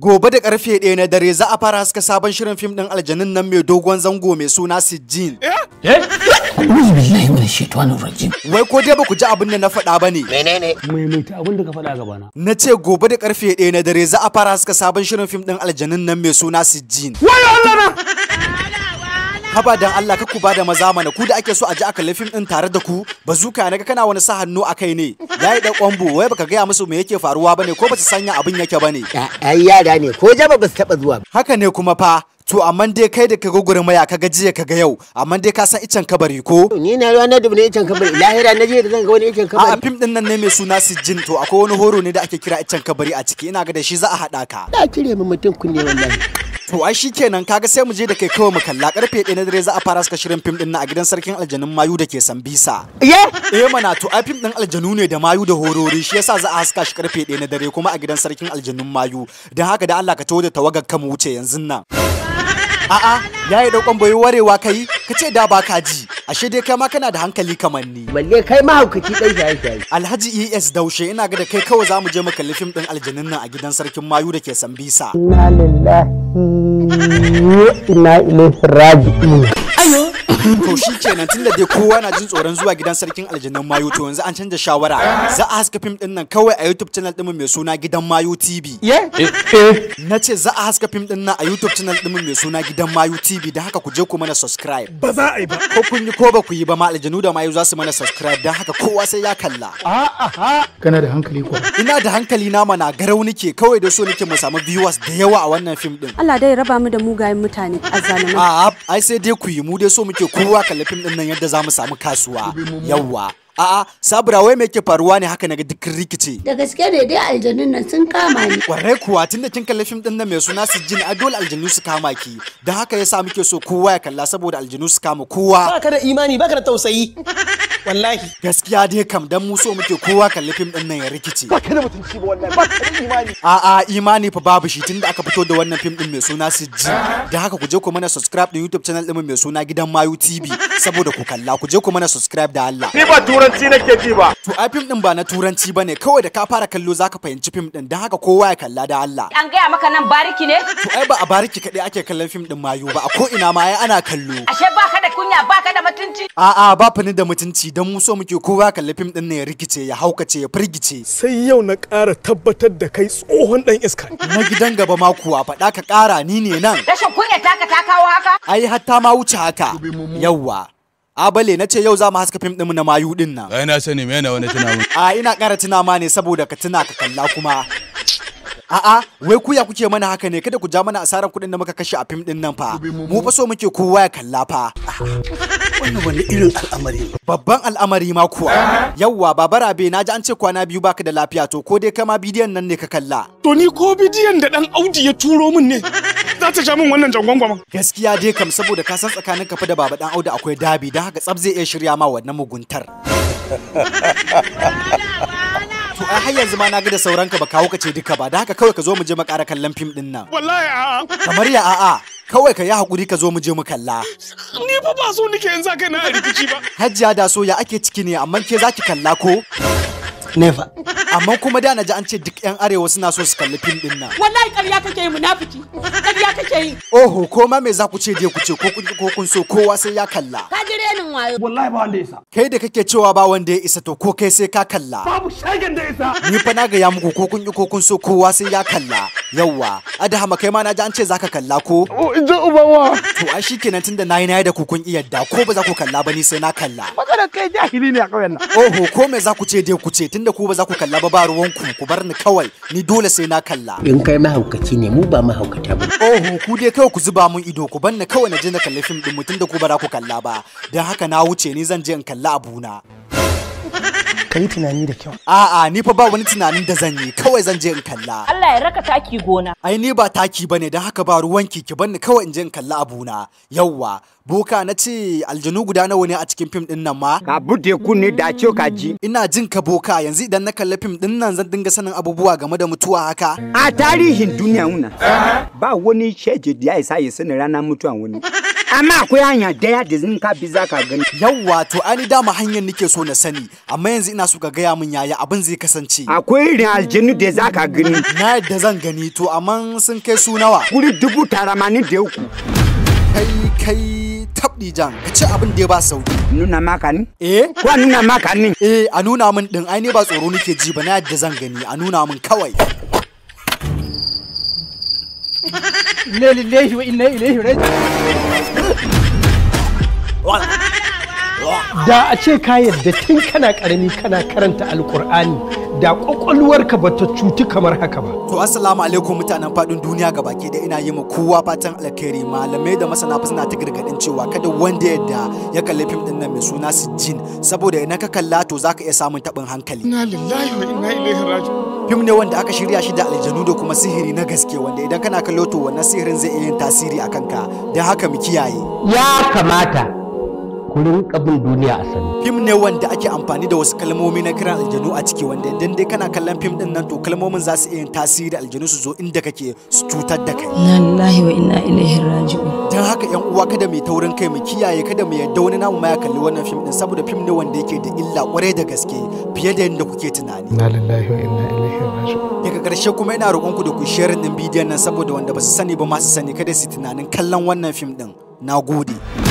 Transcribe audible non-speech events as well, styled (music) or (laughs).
Gobe da karfe ɗaya na dare za a fara haska sabon shirin fim ɗin aljanun nan mai dogon zango mai suna Sijin. Eh? Eh? Wai ko dai ba ku ji abin da na faɗa ba ne? Menene? abin da ka faɗa gaba na. Na ce gobe da karfe ɗaya na dare za a fara haska sabon shirin fim ɗin aljanun nan mai suna sijin Wai Allah na! haba dan Allah ka ku bada maza mana ku da ake so a ji aka lafim din tare da ku bazuka naga kana wani sa hannu a kai ne yayi da kwambo wai baka gaya musu me yake faruwa bane ko basu sanya abin yake bane ai yara ne ko jaba basu taba zuwa haka ne kuma fa to amma dai kai da ka gurin maya ka ga jiya ka ga yau amma dai ka san icen kabari ko ni na ruwa na dubu ne icen kabari lahira na jiya da zan ga wani icen kabari a fim din nan ne mai suna sijin to akwai wani horo ne da ake kira icen kabari a ciki ina ga da shi za a haɗa ka da kire mu mutum kunne wallahi to ai shi kenan kaga sai mu je da kai kawai mu kalla karfe 1 na dare za a fara saka shirin fim din na a gidan sarkin aljanun mayu da ke Sambisa ye eh mana to ai fim din aljanu ne da mayu da horori shi yasa za a haska shi karfe 1 na dare kuma a gidan sarkin aljanun mayu dan haka da Allah ka tawo da tawagar mu wuce yanzu nan A'a, ya yi daukan bai warewa kai, kace da ba ka ji. Ashe dai kai ma kana da hankali kamar ni. Balle kai ma ki dan shaye shaye. Alhaji ES Daushe ina ga da kai kawai mu je mu kalli fim din aljanin nan a gidan sarkin Mayu da ke Sambisa. Inna lillahi wa inna ilaihi raji'un. to shi kenan da dai kowa na jin tsoron zuwa gidan sarkin aljannan mayu to yanzu an canza shawara za a haska fim din nan kawai a youtube channel din mai suna gidan mayu tv eh, eh. na ce za a haska fim din nan a youtube channel din mai suna gidan mayu tv da haka ku je ku mana subscribe ba za a yi ba ko kun yi ko ba ku yi ba ma aljanu da mayu za su mana subscribe dan haka kowa sai ya kalla kana da hankali ko ina da hankali na mana garau nake kawai da so nake mu samu viewers da yawa a wannan fim din Allah dai raba mu da mugayen mutane a zalunci a ai sai dai ku yi mu dai so muke kowa kalli din nan yadda za mu samu kasuwa yawwa a'a sabura wai me ke faruwa ne haka naga duk rikice da gaske ne dai aljanun nan sun kama ni kwarai kuwa tunda kin kalli fim din nan mai suna sijjin a dole aljanu su kama ki da haka yasa muke so kowa ya kalla saboda aljanu su kama kowa baka da imani baka da tausayi wallahi gaskiya dai kam dan mu so muke kowa kalli fim din nan ya rikice baka da mutunci ba wallahi baka da imani a'a imani fa babu shi tunda aka fito da wannan fim din mai suna sijjin da haka ku je ku mana subscribe din YouTube channel din mai suna gidan Mayu TV saboda ku kalla ku je ku mana subscribe da Allah ni ba turanci nake ji ba to ai fim din ba na turanci bane kawai da ka fara kallo zaka fahimci fim din dan haka kowa ya kalla da Allah an gaya maka nan bariki ne to ai ba a bariki kadai ake kallon fim din mayu ba a ko ina ma ai ana kallo ashe ba ka da kunya ba ka da mutunci a'a ba fani da mutunci dan mu so muke kowa kalli fim din ne ya rikice ya haukace ya firgice sai yau na ƙara tabbatar da kai tsohon dan iska na gidan gaba ma kuwa faɗa ka ƙara ni ne nan rashin kunya taka ta kawo haka ai hatta ma wuce haka yawwa a bale na ce yau za mu haska fim ɗinmu na mayu ɗin nan ai na sani me yana wani tuna (laughs) a ina ƙara tuna ma ne saboda ka tuna ka kalla kuma a'a wai ku kuke mana haka ne kada ku ja mana asarar kuɗin da muka kashe a fim ɗin nan fa mu fa so muke kowa ya kalla fa wannan wani irin al'amari babban al'amari ma kuwa yawwa babara be na ji an ce kwana biyu baka da lafiya to ko dai kama bidiyon nan ne ka kalla to ni ko bidiyon da ɗan audi ya turo min ne za ta sha min wannan jangwangwama. gaskiya dai kam saboda ka san tsakanin kafa da baba dan auda akwai dabi da haka tsab zai iya shirya ma wannan muguntar (laughs) to ai har yanzu ma na ga da sauranka ba kawo ka ce duka ba da haka kawai ka zo mu je mu ƙara kallon fim din nan wallahi a'a kamar ya a'a kawai ka yi hakuri ka zo mu je mu kalla ni fa ba so nike yanzu kai na rikici ba Hajjia da so ya ake ciki ne amma ke zaki kalla ko never amma kuma da na ji an ce duk yan arewa suna so su kalli fim din nan wallahi ƙarya kake yi munafiki ƙarya kake yi oho ko ma me za ku ce je ku ce ko kun so kowa sai ya kalla ka ji renin wayo wallahi ba wanda ya isa kai da kake cewa ba wanda ya isa to ko kai sai ka kalla babu shagen da isa ni fa na ga ya muku ko kun ko kun so kowa sai ya kalla yawa adahama kai ma na ji an ce zaka kalla ko ji ubawa to ai shikenan tunda nayi nayi da ku kun iya da ko ba za ku kalla ba ni sai na kalla magana kai jahili ne a kauyen nan oho ko me za ku ce dai ku ce tunda ku ba za ku kalla ba kuma ba ruwanku ku bar ni kawai ni dole sai na kalla. In kai mahaukaci ne mu ba mahaukata ba. Oh ku dai kawai ku zuba mun ido ku bar ni kawai na je na kalli fim din mutum da ku ba ku kalla ba. dan haka na wuce ni zan je in kalla abuna. kayi tunani da kyau a'a ni fa ba wani tunanin da zan yi kawai zan je in kalla Allah ya raka taki gona ai ni ba taki bane da haka ba ruwan ki ki banni kawai in je in kalla abuna yawwa boka na ce aljanu guda nawa ne a cikin fim din nan ma ka bude kunne da ce ka ji ina jin ka boka yanzu idan na kalla fim din nan zan dinga sanin abubuwa game da mutuwa haka a tarihin duniya wuna, ba wani sheje da ya isa ya sani ranar mutuwa wani amma akwai hanya daya da zan ka bi za ka gani yawwa to ani dama hanyar nake so na sani amma yanzu ina so ka gaya min yaya abin zai kasance akwai irin aljinu da za ka gani na yadda zan gani to amma sun kai su nawa kuri dubu taramanin da yau kai kai tabdi jan ka ci abin da ya ba sauki nuna maka ni eh ko nuna maka ni eh a nuna min din ai ne ba tsoro nake ji ba na yadda zan gani a nuna min kawai Lele, lele, wa inna ilaihi raji'un da a ce ka yadda tun kana karami kana karanta alkur'ani da kwakwalwarka ba ta cuti kamar haka ba to assalamu alaikum mutanen fadin duniya ga baki da ina yi ma kowa fatan alkhairi malamai da masana suna ta gargadin cewa kada wanda yadda ya kalli fim din nan mai suna "Sijin" saboda idan ka kalla to zaka iya samun tabin hankali inna lillahi wa inna ilaihi raji'un fim ne wanda aka shirya shi da aljanu da kuma sihiri na gaske wanda idan kana kallo to wannan sihirin zai iya yin tasiri a ka Dan haka mu kiyaye ya kamata kurin kabin duniya a sani. Fim ne wanda ake amfani da wasu kalmomi na kiran aljanu a ciki wanda idan dai kana kallon fim din nan to kalmomin za su iya tasiri aljanu su zo inda kake su cutar da kai. na lillahi wa inna ilaihi raji'un. Dan haka yan uwa kada mai taurin kai mu kiyaye kada mu yarda wani namu ma ya kalli wannan fim din saboda fim ne wanda yake da illa kwarai da gaske fiye da yadda kuke tunani. na lillahi wa inna ilaihi raji'un. Daga ƙarshe kuma ina roƙon ku da ku share din bidiyon nan saboda wanda ba su sani ba ma sani kada su tunanin kallon wannan fim din. Na gode.